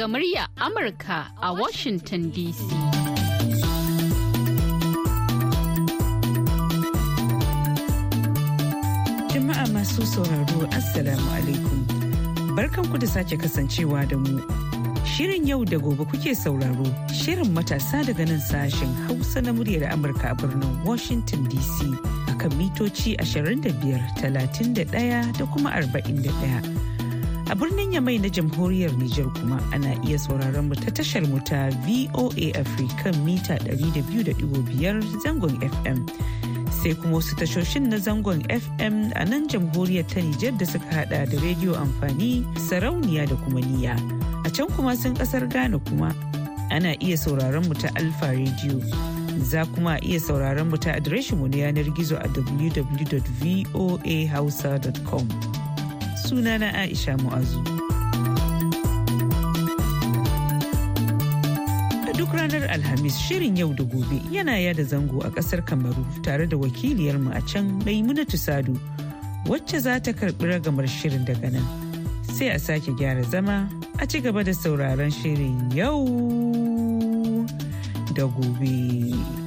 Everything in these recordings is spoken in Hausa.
daga murya Amurka a Washington DC. Jama'a masu sauraro Assalamu alaikum. Barkanku da sake kasancewa da mu. Shirin yau da gobe kuke sauraro, shirin matasa daga nan sashen Hausa na muryar Amurka a birnin Washington DC akan mitoci 25, 31 da kuma 41. A birnin Yamai na jamhuriyar Nijar kuma ana iya sauraron mu ta tashar mu ta VOA Africa mita 200.5 zangon FM. Sai kuma wasu tashoshin na zangon FM a nan jamhuriyar ta Nijar da suka hada da rediyo amfani sarauniya da kuma niya. A can kuma sun kasar Ghana kuma ana iya sauraron mu ta Alfa rediyo Za kuma iya sauraron mu ta adireshinmu na yanar gizo a www.voahausa.com. sunana Aisha Mu'azu. A duk ranar Alhamis shirin yau da gobe yana yada zango a kasar Kamaru tare da wakiliyarmu a can Maimunatu Sadu wacce za ta karbi ragamar shirin daga nan. Sai a sake gyara zama a ci gaba da sauraron shirin yau da gobe.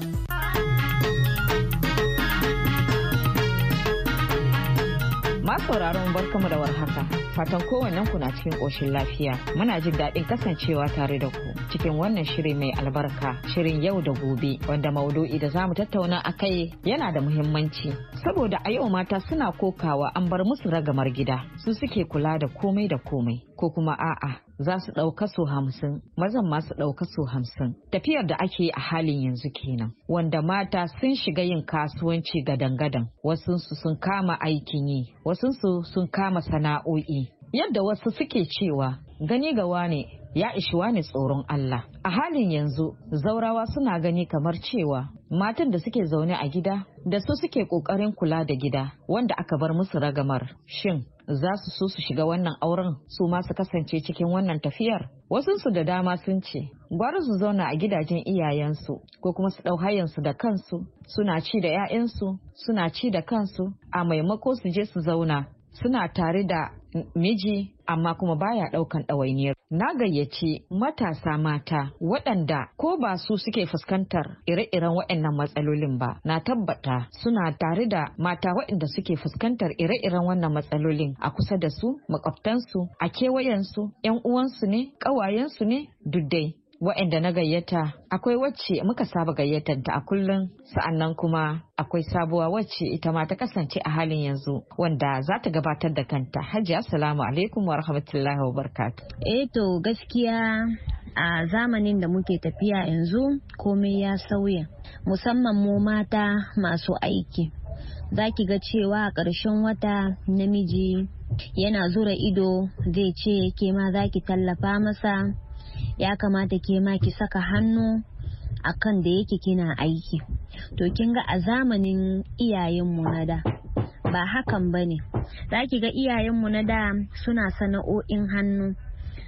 Ma sauraron barkamu da warhaka. Fatan kowannen ku na cikin ƙoshin lafiya. Muna jin daɗin kasancewa tare da ku. cikin wannan shiri mai albarka shirin yau da gobe wanda maudu'i da zamu tattauna a kai yana da muhimmanci saboda a yau mata suna kokawa an bar musu ragamar gida su suke kula da komai da komai ko kuma a'a za su ɗauka so hamsin mazan ma su ɗauka so hamsin tafiyar da ake a halin yanzu kenan wanda mata sun shiga yin kasuwanci gadan-gadan wasunsu sun kama aikin yi wasunsu sun kama sana'o'i yadda wasu suke cewa gani gawa ne ya ishi wani tsoron Allah. A halin yanzu zaurawa suna gani kamar cewa matan da suke zaune a gida da su suke ƙoƙarin kula da gida wanda aka bar musu ragamar. Shin za su so su shiga wannan auren su ma su kasance cikin wannan tafiyar? Wasunsu da dama sun ce, gwara su zauna a gidajen iyayensu ko kuma su ɗau hayansu da kansu, suna ci da 'ya'yansu, suna ci da kansu, a maimako su je su zauna suna tare da miji amma kuma baya daukan ɗawainiyar. Na gayyaci matasa mata waɗanda ko ba su suke fuskantar ire-iren waɗannan matsalolin ba na tabbata suna tare da mata waɗanda suke fuskantar ire-iren wannan matsalolin a kusa da su makwabtansu a kewayensu 'yan uwansu ne ƙawayensu ne duk dai waɗanda na gayyata akwai wacce muka saba gayyatar ta a kullum sa'annan kuma akwai sabuwa wacce ita ma ta kasance a halin yanzu wanda za ta gabatar da kanta hajiya assalamu alaikum wa rahmatullahi wa eh to gaskiya a zamanin da muke tafiya yanzu komai ya sauya musamman mu mata masu aiki za ki ga cewa a ƙarshen wata namiji yana zura ido zai ce ke ma za ki tallafa masa ya kamata ke ma ki saka hannu a akan da yake kina aiki to kin ga a zamanin iyayenmu na da ba hakan ba ne za ki ga iyayenmu na da suna sana'o'in hannu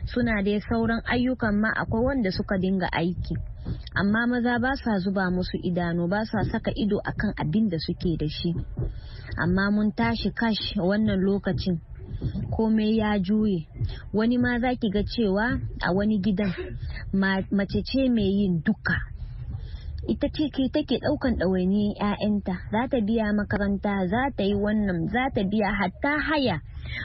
suna dai sauran ayyukan ma akwai wanda suka dinga aiki amma maza ba sa zuba musu idanu ba sa saka ido akan abin da suke da shi amma mun tashi kash wannan lokacin komai ya juye wani ma za ki ga cewa a wani gidan mace ce mai yin duka ita ce ke take daukan ɗawainiyar 'ya'yanta za ta biya makaranta za ta yi wannan za ta biya hatta haya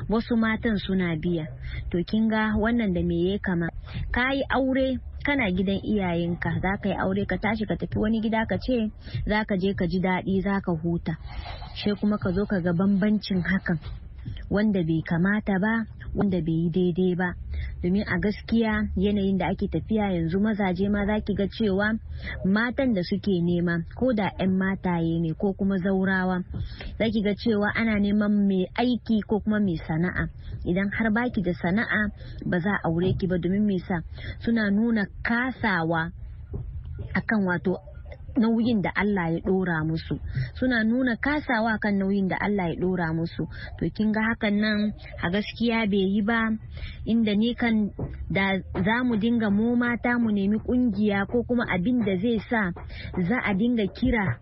wasu matan suna biya to kin ga wannan da me ya kama ka yi aure kana gidan iyayenka za ka yi aure ka tashi ka tafi wani gida ka ce za ka je ka ji daɗi za ka huta sai kuma ka zo ka ga bambancin hakan wanda bai kamata ba wanda bai yi daidai ba domin a gaskiya yanayin da ake tafiya yanzu mazaje ma za ki ga cewa matan da suke nema ko da 'yan mataye ne ko kuma zaurawa za ki ga cewa ana neman mai aiki ko kuma mai sana'a idan har baki da sana'a ba za aure ki ba domin me sa suna nuna kasawa akan wato nauyin da Allah ya dora musu suna nuna kasawa kan nauyin da Allah ya dora musu to kin ga hakan nan a gaskiya bai yi ba inda ni kan da za mu dinga mu mata mu nemi kungiya ko kuma abin da zai sa za a dinga kira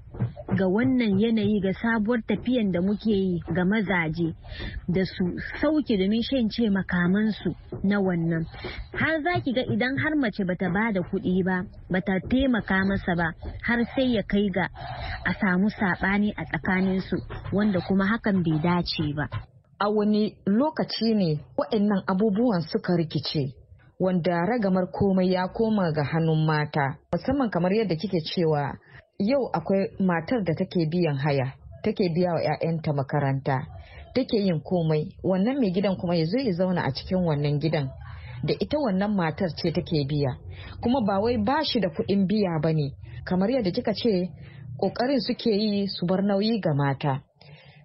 ga wannan yanayi ga sabuwar tafiyan da muke yi ga mazaje da su sauke domin shan ce makamansu na wannan har za ki ga idan har mace bata ba da kuɗi ba bata taimaka masa ba har sai ya kai ga a samu saɓani a tsakaninsu wanda kuma hakan bai dace ba a wani lokaci ne waɗannan abubuwan suka rikice wanda ragamar komai ya koma ga hannun mata musamman kamar yadda kike cewa yau akwai matar da take biyan haya take biya wa 'ya'yanta makaranta take yin komai wannan mai gidan kuma ya zo ya zauna a cikin wannan gidan da ita wannan matar ce take biya kuma ba wai ba shi da kuɗin biya ba ne kamar yadda kika ce ƙoƙarin suke yi su bar nauyi ga mata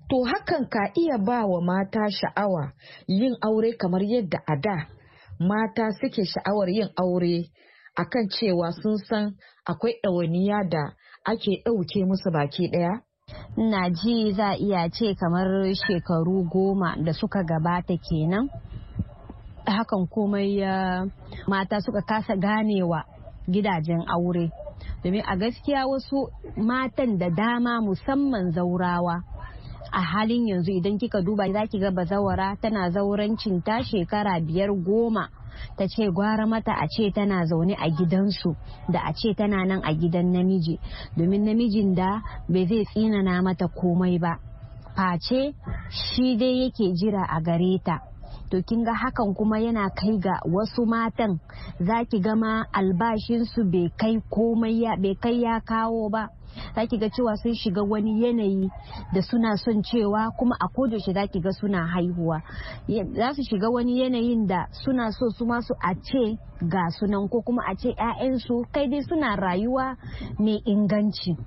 to hakan ka iya ba wa mata sha'awa yin aure kamar yadda a da mata suke sha'awar yin aure akan cewa sun san akwai ɗawainiya da ake ɗauke musu baki ɗaya? Na ji za iya ce kamar shekaru goma da suka gabata kenan. Hakan komai ya mata suka kasa ganewa gidajen aure. Domin a gaskiya wasu matan da dama musamman zaurawa. a halin yanzu idan kika duba za ki ga bazawara tana zaurancin ta shekara biyar goma ta ce gwara mata a ce tana zaune a gidansu da a ce tana nan a gidan namiji domin namijin da bai zai tsinana mata komai ba face shi dai yake jira a gare ta to kin ga hakan kuma yana kai ga wasu matan za ki gama albashinsu bai kai komai ya bai kai ya kawo ba zaki ga cewa sun shiga wani yanayi da suna son cewa kuma a ko zaki ga suna haihuwa za su shiga wani yanayin da suna so su masu a ce ga sunan ko kuma a ce 'ya'yansu kai dai suna rayuwa mai inganci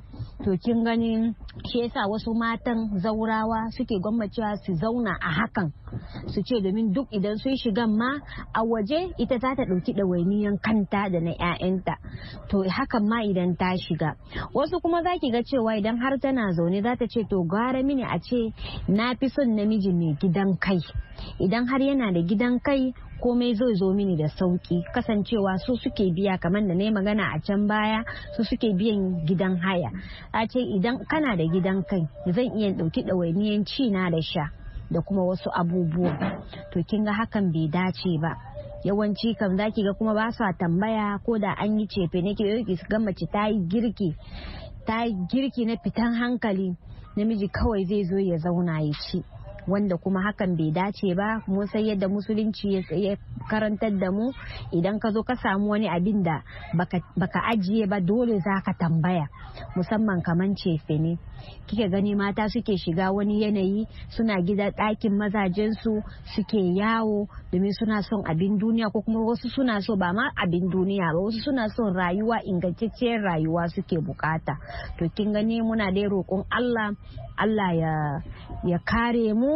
to kin ganin shi yasa wasu matan zaurawa suke gwammacewa su zauna a hakan su ce domin duk idan sun shiga ma a waje ita za ta ɗauki ɗawainiyan kanta da na 'ya'yanta to hakan ma idan ta shiga wasu kuma za ki ga cewa idan har tana zaune za ta ce to gara mini a ce na fi son namiji mai gidan kai idan har yana da gidan kai komai zai zo mini da sauki kasancewa su suke biya kamar da na magana a can baya su suke biyan gidan haya a ce idan kana da gidan kai zan iya ɗauki ɗawainiyan ci na da sha da kuma wasu abubuwa to kin ga hakan bai dace ba yawanci kam zaki ga kuma ba sa tambaya ko da an yi cefe ne ke ki ga mace ta yi girki ta yi girki na fitan hankali namiji kawai zai zo ya zauna ya ci wanda kuma hakan bai dace ba mu sai yadda musulunci ya karantar da mu idan ka zo ka samu wani abin da baka ajiye ba dole za ka tambaya musamman kaman cefe ne kike gani mata suke shiga wani yanayi suna gida ɗakin mazajensu suke yawo domin suna son abin duniya ko kuma wasu suna so ba ma abin duniya ba wasu suna son rayuwa ingantacciyar rayuwa suke bukata to kin gani muna dai roƙon Allah Allah ya kare mu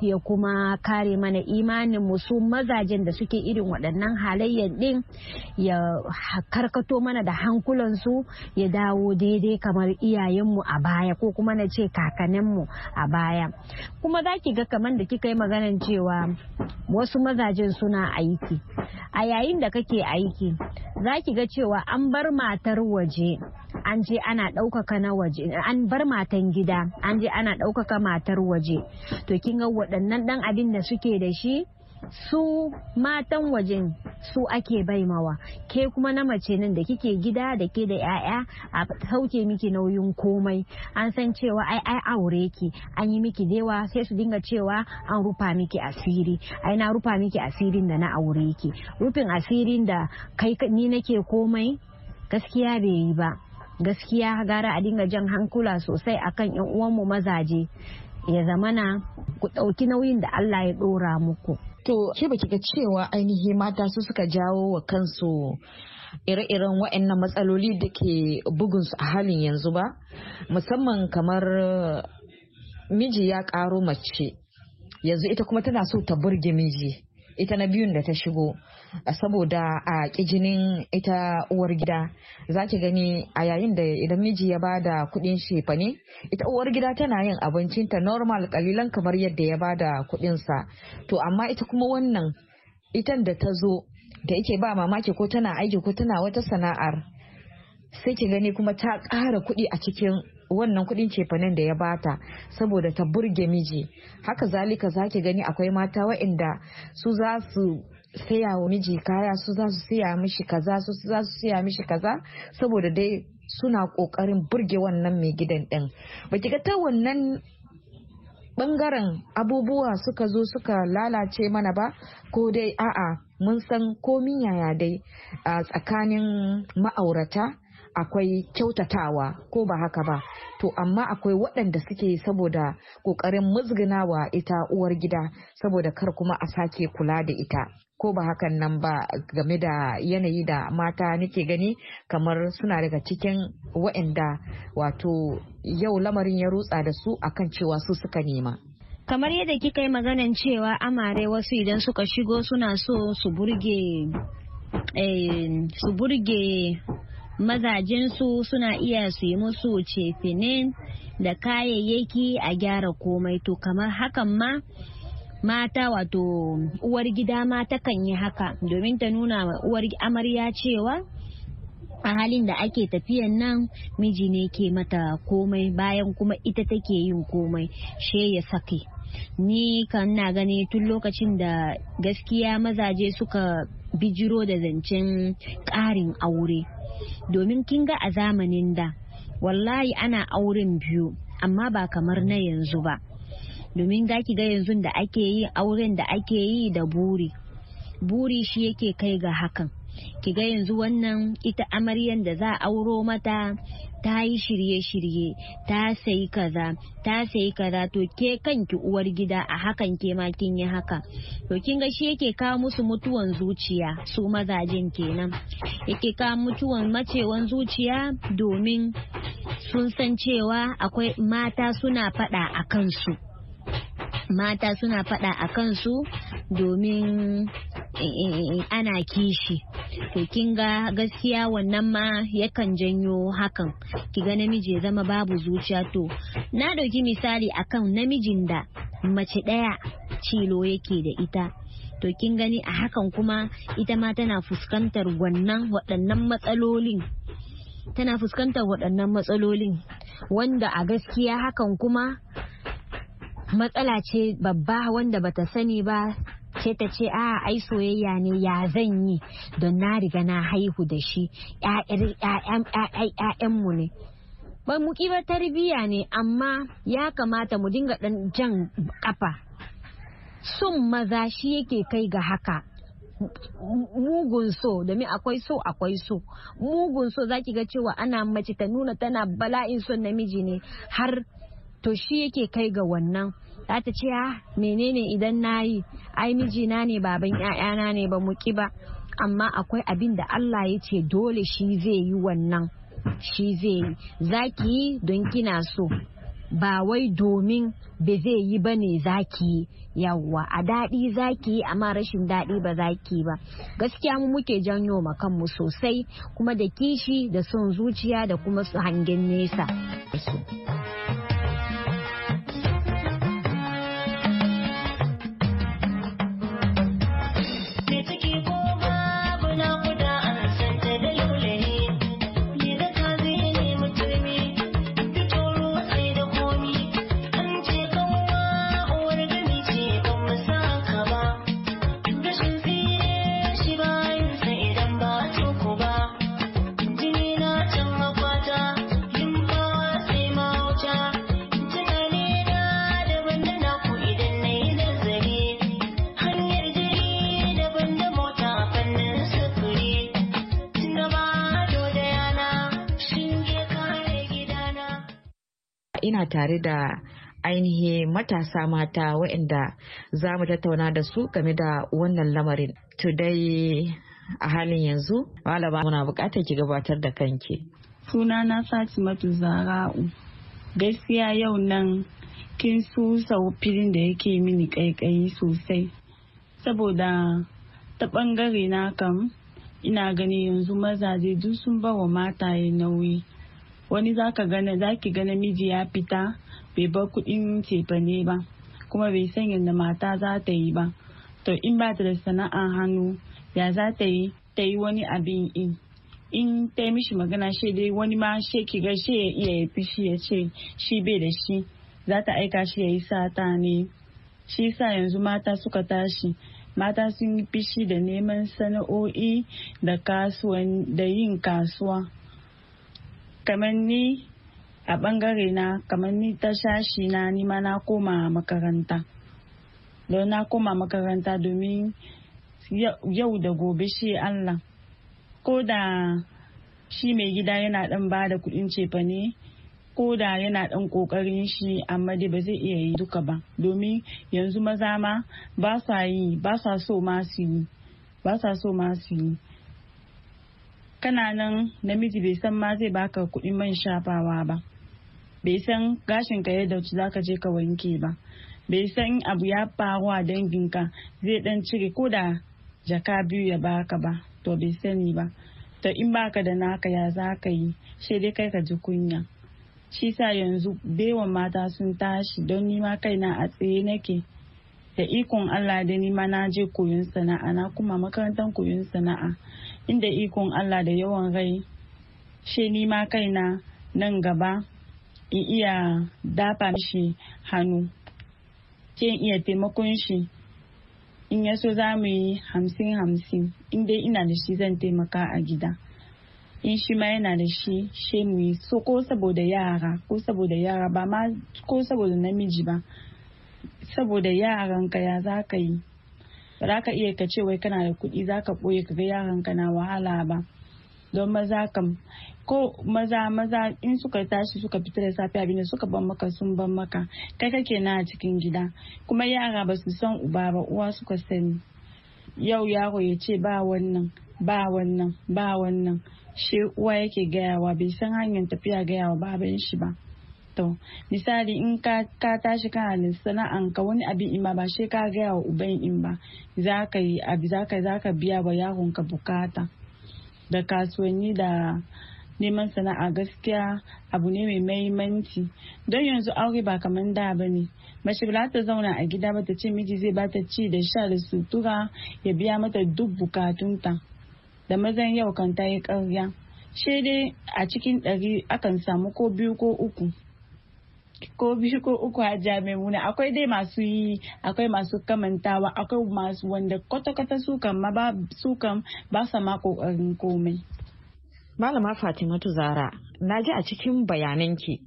ya kuma kare mana imanin mu su mazajen da suke irin waɗannan halayyar ɗin ya karkato mana da hankulansu ya dawo daidai kamar iyayenmu a baya ko kuma na ce kakaninmu a baya kuma za ki ga kamar da kika yi maganan cewa wasu mazajen suna aiki a yayin da kake aiki za ki ga cewa an bar matar waje an je ana ɗaukaka na waje an bar matan gida an je ana ɗaukaka matar waje to kin ga waɗannan ɗan abin da suke da shi su matan wajen su ake bai mawa ke kuma na mace nan da kike gida da ke da 'ya'ya a sauke miki nauyin komai an san cewa ai ai aure ki an yi miki dewa sai su dinga cewa an rufa miki asiri ai na rufa miki asirin da na aure ki rufin asirin da kai ni nake komai gaskiya bai yi ba gaskiya gara a dinga jan hankula sosai akan 'yan uwanmu mazaje ya zamana ku ɗauki nauyin da Allah ya ɗora muku. To, ke baki ga cewa ainihi mata su suka jawo wa kansu ire-iren waɗannan matsaloli da ke bugunsu a halin yanzu ba? Musamman kamar miji ya ƙaro mace, yanzu ita kuma tana so ta burge miji. ita na biyun da ta shigo saboda a kijinin ita uwar gida za ki gani a yayin da idan miji ya bada kudin shefa ne ita uwar gida tana yin abincinta normal kalilan kamar yadda ya ba da kudinsa to amma ita kuma wannan itan da ta zo da yake ba mamaki ko tana aiki ko tana wata sana'ar sai ki gani kuma ta ƙara kuɗi a cikin wannan kudin cefanen da ya bata saboda ta burge miji haka zalika zaki gani akwai mata waɗanda su za su saya wa miji kaya su za su saya mishi kaza su za su saya mishi kaza saboda dai suna kokarin burge wannan mai gidan din baki ga ta wannan bangaren abubuwa suka zo suka lalace mana ba ko dai a'a mun san komin yaya dai a tsakanin ma'aurata akwai kyautatawa ko ba haka ba to amma akwai waɗanda suke saboda ƙoƙarin wa ita uwar gida saboda kar kuma a sake kula da ita ko ba hakan nan ba game da yanayi da mata nake gani kamar suna daga cikin waɗanda wato yau lamarin ya rutsa da su akan cewa su suka nema kamar yadda kika yi maganan cewa amare wasu idan suka shigo suna so su burge eh, su burge mazajensu suna iya su yi musu cefinin da kayayyaki a gyara komai to kamar hakan ma mata wato uwar gida ma takan yi haka domin ta nuna wa uwar amarya cewa a halin da ake tafiyan nan miji ne ke mata komai bayan kuma ita take yin komai she ya sake ni kan na gani tun lokacin da gaskiya mazaje suka bijiro da zancen ƙarin aure domin kin ga a zamanin da wallahi ana auren biyu amma ba kamar na yanzu ba domin za ki ga yanzu da ake yi auren da ake yi da buri buri shi yake kai ga hakan ki ga yanzu wannan ita amaryan da za a auro mata ta yi shirye-shirye ta sayi kaza ta sayi kaza to ke kanki uwar gida a hakan ke ma kin yi haka to kin ga shi yake kawo musu mutuwan zuciya su mazajen kenan yake kawo mutuwan macewan zuciya domin sun san cewa akwai mata suna fada a kansu mata suna fada a kansu domin eh, eh, eh, ana kishi to kin ga gaskiya wannan ma yakan janyo hakan ki ga namiji ya zama babu zuciya to na ɗauki misali akan namijin da mace ɗaya cilo yake da ita to kin gani a hakan kuma ita ma tana fuskantar wannan waɗannan matsalolin tana fuskantar waɗannan matsalolin wanda a gaskiya hakan kuma matsala ce babba wanda bata sani ba sai ta ce a ai soyayya ne ya zan yi don na riga na haihu da shi mu ne ba mu ba tarbiyya ne amma ya kamata mu dinga dan jan kafa sun maza shi yake kai ga haka mugun so domin akwai so akwai so mugun so zaki ga cewa ana mace ta nuna tana bala'in son namiji ne har to shi yake kai ga wannan za ta ce ya ah, menene idan na yi ai mijina ne baban 'ya'yana ne ba mu ba amma akwai abin da Allah ya ce dole shi zai yi wannan shi zai yi zaki yi don kina so ba wai domin ba zai yi ba ne zaki yawwa a daɗi zaki amma rashin daɗi ba zaki ba gaskiya mu muke janyo ma kanmu sosai kuma da kishi da son zuciya da kuma su hangen nesa ina tare da ainihin matasa mata waɗanda za mu tattauna da su game da wannan lamarin. Today a halin yanzu, malaba muna buƙatar ki gabatar da kanki. Suna na Sunana matu Zara'u. Gaskiya yau nan kin susa filin da yake mini ƙaiƙayi sosai. Saboda ta ɓangare na kam ina gani yanzu mazaje duk sun bawa mataye nauyi. wani zaka gana zaki ga miji ya fita bai bar kuɗin cefane ba kuma bai san yadda mata za ta yi ba to in ba ta da sana'a hannu ya za ta yi ta yi wani abin in in ta yi mishi magana shi dai wani ma she ki ga she ya iya ya fishi ya ce shi bai da shi za ta aika shi ya yi sata ne shi sa yanzu mata suka tashi mata sun yi fishi da neman sana'o'i da yin kasuwa kamar ni a bangare na kamar ni ta shashi na nima na koma makaranta don na koma makaranta domin yau da gobe shi allah ko da shi mai gida yana dan ba da kudin cefane ko da yana dan kokarin shi amma dai ba zai iya yi duka ba domin yanzu maza ma ba sa yi ba sa so ma su yi ba sa so ma su yi kana nan namiji bai san ma zai baka kuɗin man shafawa ba bai san gashin ka yadda za ka je ka wanke ba bai san abu ya faruwa danginka zai dan cire ko da jaka biyu ya baka ba to bai sani ba to in baka da naka ya za ka yi sai dai kai ka ji kunya shi sa yanzu bewan mata sun tashi don nima kaina a tsaye nake da ikon Allah da nima na je koyon sana'a na kuma makarantar koyon sana'a inda ikon Allah da yawan rai she ni ma kaina nan gaba in iya dafa shi hannu ke iya taimakon shi in ya so za mu yi hamsin hamsin inda ina da shi zan taimaka a gida in shi ma yana da shi she mu yi so ko saboda yara ko saboda yara ba ma ko saboda namiji ba saboda yaranka ya za ka yi ba za ka iya kace ce wai kana da kuɗi za ka ɓoye ka ga yaran ka na wahala ba don maza kam ko maza maza in suka tashi suka fita da safe abinda suka ban maka sun ban maka kai kake na a cikin gida kuma yara ba su san uba ba uwa suka sani yau yaro ya ce ba wannan ba wannan ba wannan shi uwa yake gayawa bai san hanyar tafiya gayawa baban shi ba to misali in ka tashi kana sana'an ka wani abin in ba shi ka gaya wa uban in ba za ka yi abi za ka za ka biya wa yaron ka bukata da kasuwanni da neman sana'a gaskiya abu ne mai mahimmanci don yanzu aure ba kamar da ba ne mace ba zauna a gida ba ta ce miji zai ba ta ci da sha da sutura ya biya mata duk bukatunta da mazan yau kan ta yi karya shede a cikin ɗari akan samu ko biyu ko uku ko biyu ko uku a jami'una akwai dai masu yi akwai masu kamantawa akwai masu wanda kwata-kwata su kan ma ba su kan ba sa ma kokarin komai malama fatimatu zara na ji a cikin bayananki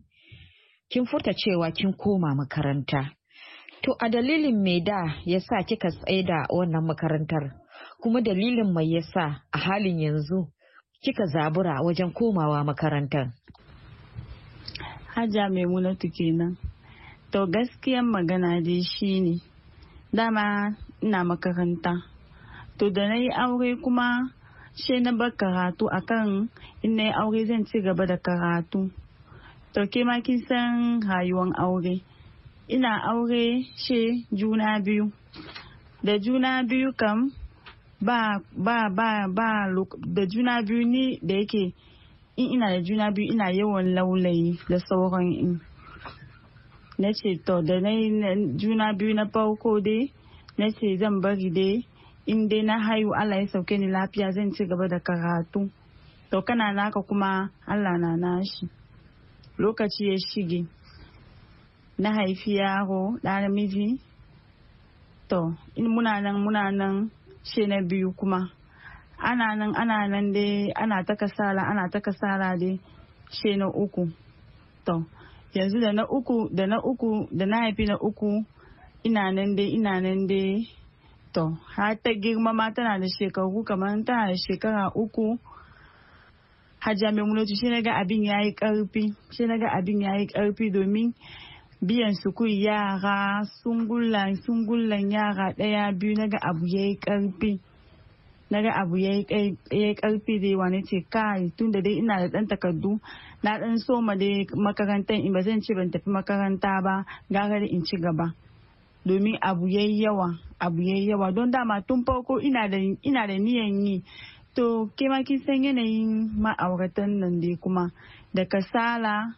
kin furta cewa kin koma makaranta to a dalilin mai da ya sa kika tsaida wannan makarantar kuma dalilin mai yasa a halin yanzu kika zabura wajen komawa makarantar hajja maimunatu kenan to gaskiyan magana dai ne dama ina makaranta to da na yi aure kuma she na bar karatu akan in ina yi aure zan ci gaba da karatu to ke kin san rayuwan aure ina aure she juna biyu da juna biyu kam ba ba ba ba da juna biyu ni da yake in ina da juna biyu ina yawan laulayi da sauran in na ce to da na juna biyu na farko dai na ce zan bari dai in dai na haihu allah ya sauke ni lafiya zan ci gaba da karatu to kana naka kuma allah na nashi lokaci ya shige na haifi yaro ɗan miji to in muna nan muna nan she na biyu kuma ana nan ana nan dai ana ta kasala ana ta kasala dai she na uku to yanzu da na uku da na uku da na haifi na uku ina nan dai ina nan dai to har ta girma ma tana da shekaru kamar tana da shekara uku hajja mai mulotu shi naga abin ya yi karfi shi naga abin ya yi karfi domin biyan sukuri yara sungullan sungullan yara daya biyu naga abu ya yi karfi na ga abu ya yi karfi da yawa na ce kai tun da dai ina da dan takardu na dan soma dai makarantar in ba zan ce ban tafi makaranta ba gara da in ci gaba domin abu ya yawa abu ya yawa don dama tun farko ina da niyan yi to ke ma kin san yanayin ma'auratan nan dai kuma da kasala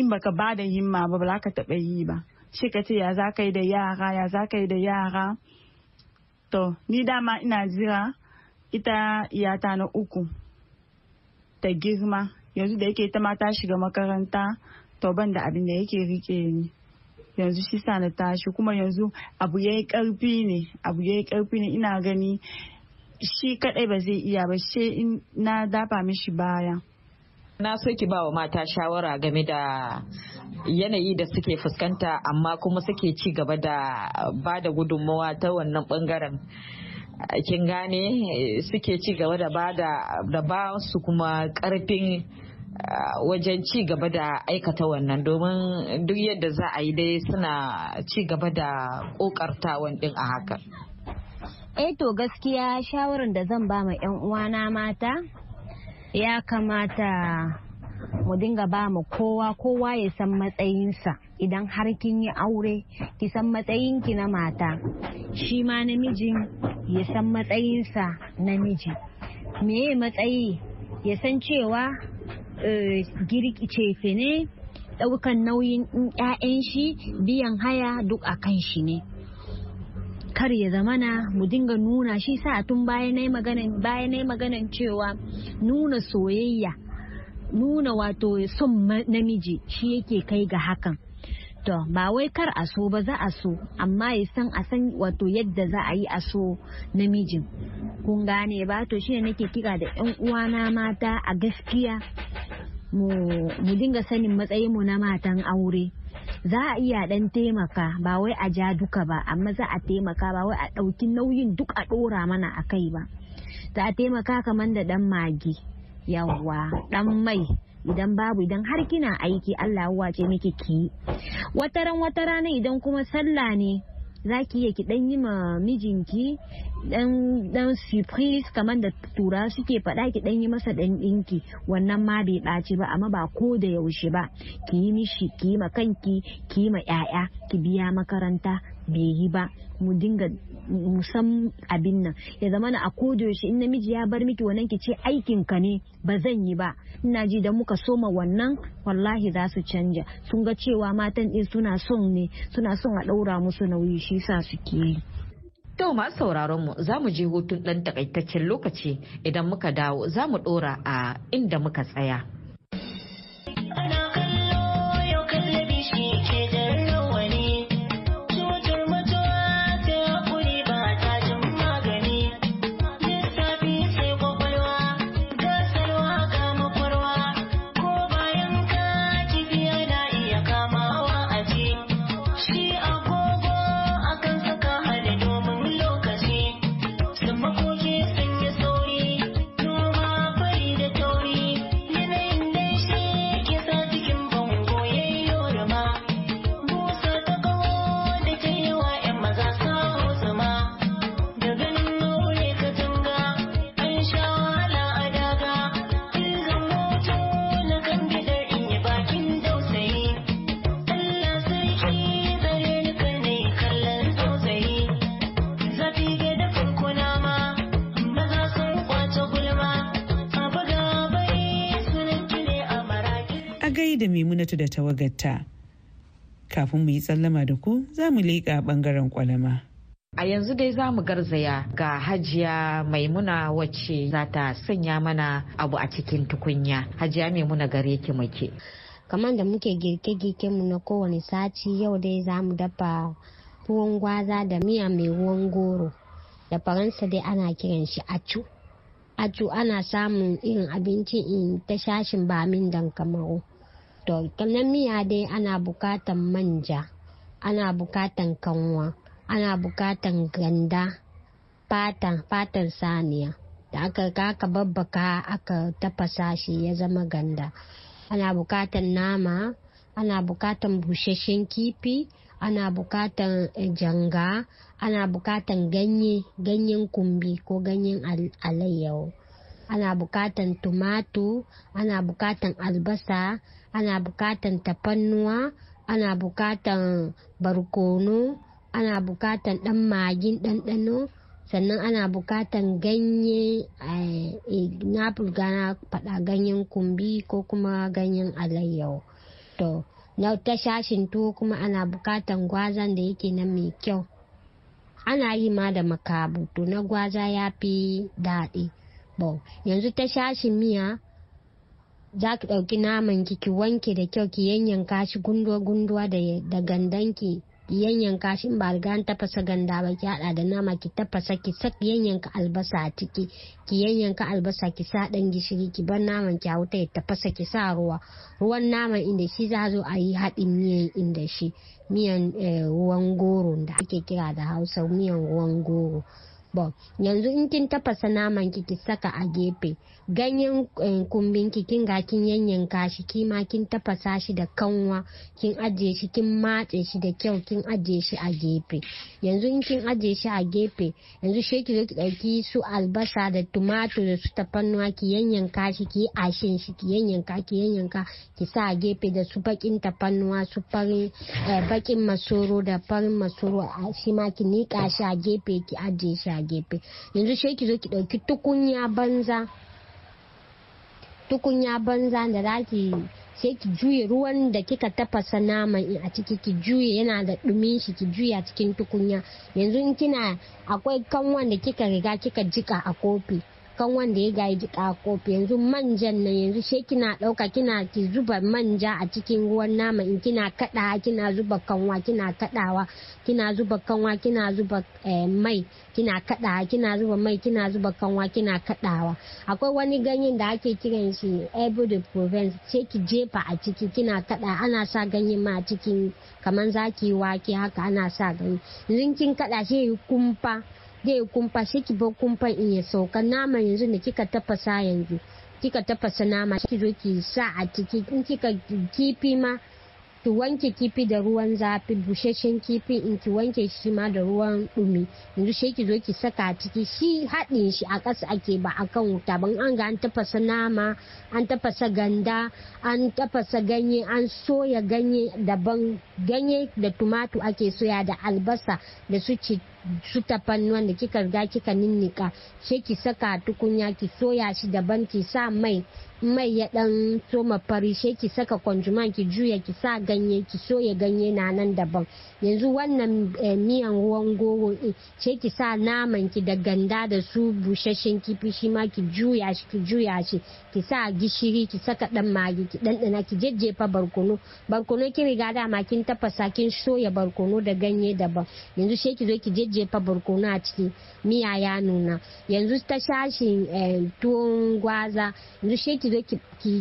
in baka ba da himma ba ba ka taɓa yi ba shi ka ce ya za ka yi da yara ya za ka yi da yara to ni dama ina jira ita iyata na uku ta girma yanzu da yake ta ma ta shiga makaranta to ban da abin da yake rike ni yanzu shi sa na tashi kuma yanzu abu yayi karfi ne abu yayi karfi ne ina gani shi kadai ba zai iya ba sai in na dafa mishi baya na so ki ba wa mata shawara game da yanayi da suke fuskanta amma kuma suke ci gaba da ba da gudunmawa ta wannan bangaren kin gane suke ci gaba da ba da ba su kuma karfin ah, wajen ci gaba da aikata wannan domin duk yadda za a yi dai suna ci gaba da kokarta ɗin a haka. eh to gaskiya shawarar da zan ba ma 'yan uwana mata ya kamata mu dinga ba mu kowa kowa ya san matsayinsa idan har kin yi aure ki san ki na mata shi ma namijin ya san matsayinsa namiji meye matsayi ya san cewa eh, girki cefe ne ɗaukan nauyin 'ya'yan shi biyan haya duk a kan shi ne kar ya zamana mu dinga nuna shi sa tun bayan na maganan cewa nuna soyayya nuna wato son namiji shi yake kai ga hakan to ba wai kar a so ba za a so amma ya san a san wato yadda za a yi a so namijin kun gane ba to shi nake kira da yan uwana mata a gaskiya mu dinga sanin matsayin mu na matan aure za a iya dan taimaka ba wai a ja duka ba amma za a taimaka ba wai a ɗauki nauyin duk a ɗora mana a kai ba ta a taimaka kamar da dan magi yawwa dan mai idan babu idan har kina aiki Allah ya wace miki ki wataran wata rana idan kuma sallah ne zaki iya ki dan yi ma mijinki dan dan surprise kamar da tura suke faɗa ki dan yi masa dan dinki wannan ma bai dace ba amma ba ko da yaushe ba ki yi mishi ki yi ma kanki ki ma 'ya'ya ki biya makaranta bai yi ba mu dinga musam abin nan ya zama na da yaushe in namiji ya bar miki wannan ki ce aikin ka ne ba zan yi ba ina ji da muka soma wannan wallahi za su canja sun ga cewa matan din suna son ne suna son a ɗaura musu nauyi shi sa suke yi To masu sauraron mu za mu je hutun ɗan takaitaccen lokaci idan muka dawo za mu ɗora a inda muka tsaya. gaida Maimunatu da tawagarta. Kafin mu yi tsallama da ku za mu leƙa ɓangaren kwalama. A yanzu dai za mu garzaya ga hajiya maimuna wacce za ta sanya mana abu a cikin tukunya. Hajiya maimuna gare ki muke. Kamar da muke girke-girke mu na kowane sati yau dai za mu dafa ruwan gwaza da miya mai ruwan goro. Da faransa dai ana kiran shi acu. Acu ana samun irin abincin in ta shashin bamin dan kamaru. To, na miya dai ana bukatan manja, ana bukatan kanwa, ana bukatan ganda, fatan, fatan saniya. Da aka kaka babbaka aka tafasa shi ya zama ganda. Ana bukatan nama, ana bukatan busasshen kifi, ana bukatan eh, janga, ana bukatan ganye, ganyen kumbi ko ganyen alayyawo. Ana bukatan tumatu, ana bukatan albasa, ana bukatan tafannuwa ana bukatan barkono ana bukatan ɗan magin ɗanɗano sannan ana bukatan ganye eh, eh, na na faɗa ganyen kumbi ko kuma ganyen alayyau to na ta shashin tuwo kuma ana bukatan gwazan da yake na mai kyau ana yi ma da makabu to na gwaza ya fi daɗi yanzu ta shashin miya za ki ɗauki naman ki ki wanke da kyau ki yanyanka shi gunduwa gunduwa da gandan ki yanyanka shi in ba riga an tafasa ganda ba ki haɗa da nama ki tafasa ki yanyan yanyanka albasa a ciki ki yanyanka albasa ki sa ɗan gishiri ki bar naman ki wuta ya tafasa ki sa ruwa ruwan naman inda shi za zo a yi haɗin miyan inda shi miyan eh, ruwan goro da ake kira da hausa miyan ruwan goro Bob, yanzu in kin tafasa naman ki ki saka a gefe, ganyen eh, kumbin ki kin ga kin yanyanka shi kima kin tafasa shi da kanwa, kin ajiye shi kin matse shi da kyau kin ajiye shi a gefe. Yanzu in kin ajiye shi a gefe, yanzu shi ki zo ki dauki su albasa da tumatur da su tafannuwa ki yanyanka shi ki ashin shi ki yanyanka ki yanyanka ki sa a gefe da su bakin tafannuwa su farin eh, bakin masoro da farin masoro shi ma ki nika shi a gefe ki ajiye shi gefe yanzu sai ki zo ki dauki tukunya banza tukunya banza da za ki sai ki juye ruwan da kika tafasa naman a ciki ki juye yana da dumin shi ki juya cikin tukunya yanzu kina akwai kanwan da kika riga kika jika a kofi kan wanda ya gaji kakofi yanzu manjan nan yanzu she kina dauka kina ki zuba manja a cikin ruwan nama in kina kada kina zuba kanwa kina kadawa kina zuba kanwa kina zuba eh, mai kina kada kina zuba mai kina zuba kanwa kina kaɗawa akwai wani ganyen da ake kiran shi Ebo de Provence ki jefa a ciki kina kada ana sa ganyen ma a cikin kamar zaki wake haka ana sa ganyen yanzu kin kaɗa shi kumfa zai kumfa shi ki bar kumfan in ya sauka nama yanzu da kika tafasa yanzu kika tafasa nama ki zo ki sa a ciki in kika kifi ma ki wanke kifi da ruwan zafi busasshen kifi in ki wanke shi ma da ruwan dumi yanzu shi ki zo ki saka a ciki shi haɗin shi a ƙasa ake ba a kan wuta ban an ga an tafasa nama an tafasa ganda an tafasa ganye an soya ganye daban ganye da tumatu ake soya da albasa da su ci. su tafannuwan da kika riga kika ninnika sai ki saka tukunya ki soya shi daban ki sa mai mai ya dan soma fari sai ki saka kwanjuma ki juya ki sa ganye ki soya ganye na nan daban yanzu wannan eh, miyan ruwan goro eh, sai ki sa naman ki da ganda da su busashen kifi shi ma ki juya shi ki juya shi ki sa gishiri ki saka dan magi ki dandana ki jejjefa barkono barkono ki riga dama kin tafasa kin soya barkono da ganye daban yanzu sai ki zo ki jejje. jefa barkono a ciki miya ya nuna yanzu ta shashin eh, tuwon gwaza yanzu shi ki zo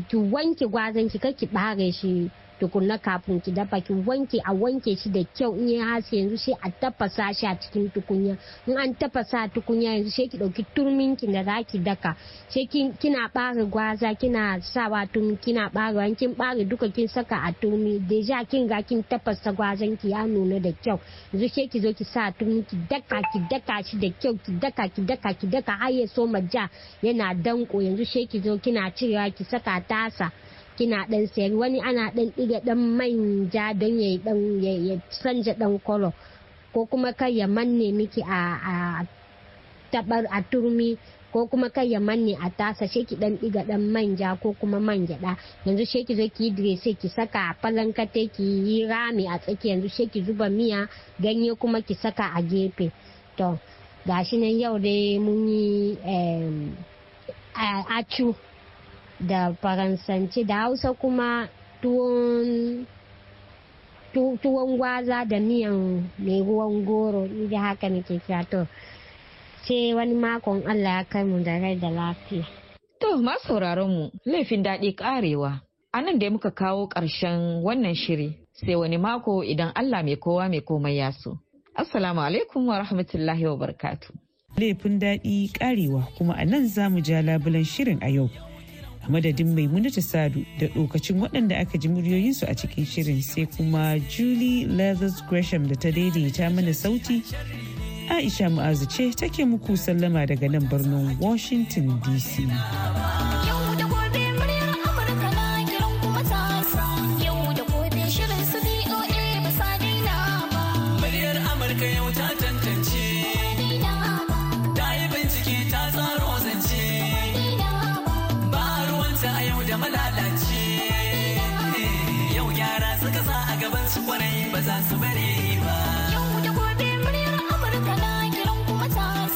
ki wanke gwazan ki kar ki bare shi tukunna kafin ki dafa ki wanke a wanke shi da kyau in ya hasa yanzu sai a tafasa shi a cikin tukunya in an tafasa tukunya yanzu sai ki dauki turmin ki da zaki daka sai kina bare gwaza kina sawa turmi kina bare kin bare duka kin saka a turmi deja kin ga kin tafasa gwazan ki ya nuna da kyau yanzu sai ki zo ki sa turmi ki daka ki daka shi da kyau ki daka ki daka ki daka har ya so ja yana danko yanzu sai ki zo kina cirewa ki saka tasa kina dan sayar wani ana dan ɗiga dan manja don ya dan canja dan kolo ko kuma kai ya manne miki a tabar a turmi ko kuma kar ya manne a tasa sheki dan ɗiga dan manja ko kuma man gyaɗa yanzu sheki zo ki dresse ki saka a falankate ki yi rami a tsaki yanzu sheki zuba miya ganye kuma ki saka a gefe to gashi nan yau dai mun yi eh, acu da faransanci da hausa kuma tuwon gwaza da miyan mai ruwan goro da haka nake kira to ce wani makon Allah ya kai mu da rai da lafiya. To ma sauraron mu laifin daɗi ƙarewa. A nan dai muka kawo ƙarshen wannan shiri sai wani mako idan Allah mai kowa mai komai ya so. Assalamu alaikum wa rahmatullahi wa barkatu. Laifin daɗi ƙarewa kuma a nan za mu ja labulen shirin a yau. a madadin ta sadu da lokacin waɗanda aka ji muryoyinsu a cikin shirin sai kuma julie leathers gresham da ta daidaita mana sauti aisha mu'azu ce take muku sallama daga nan birnin washington dc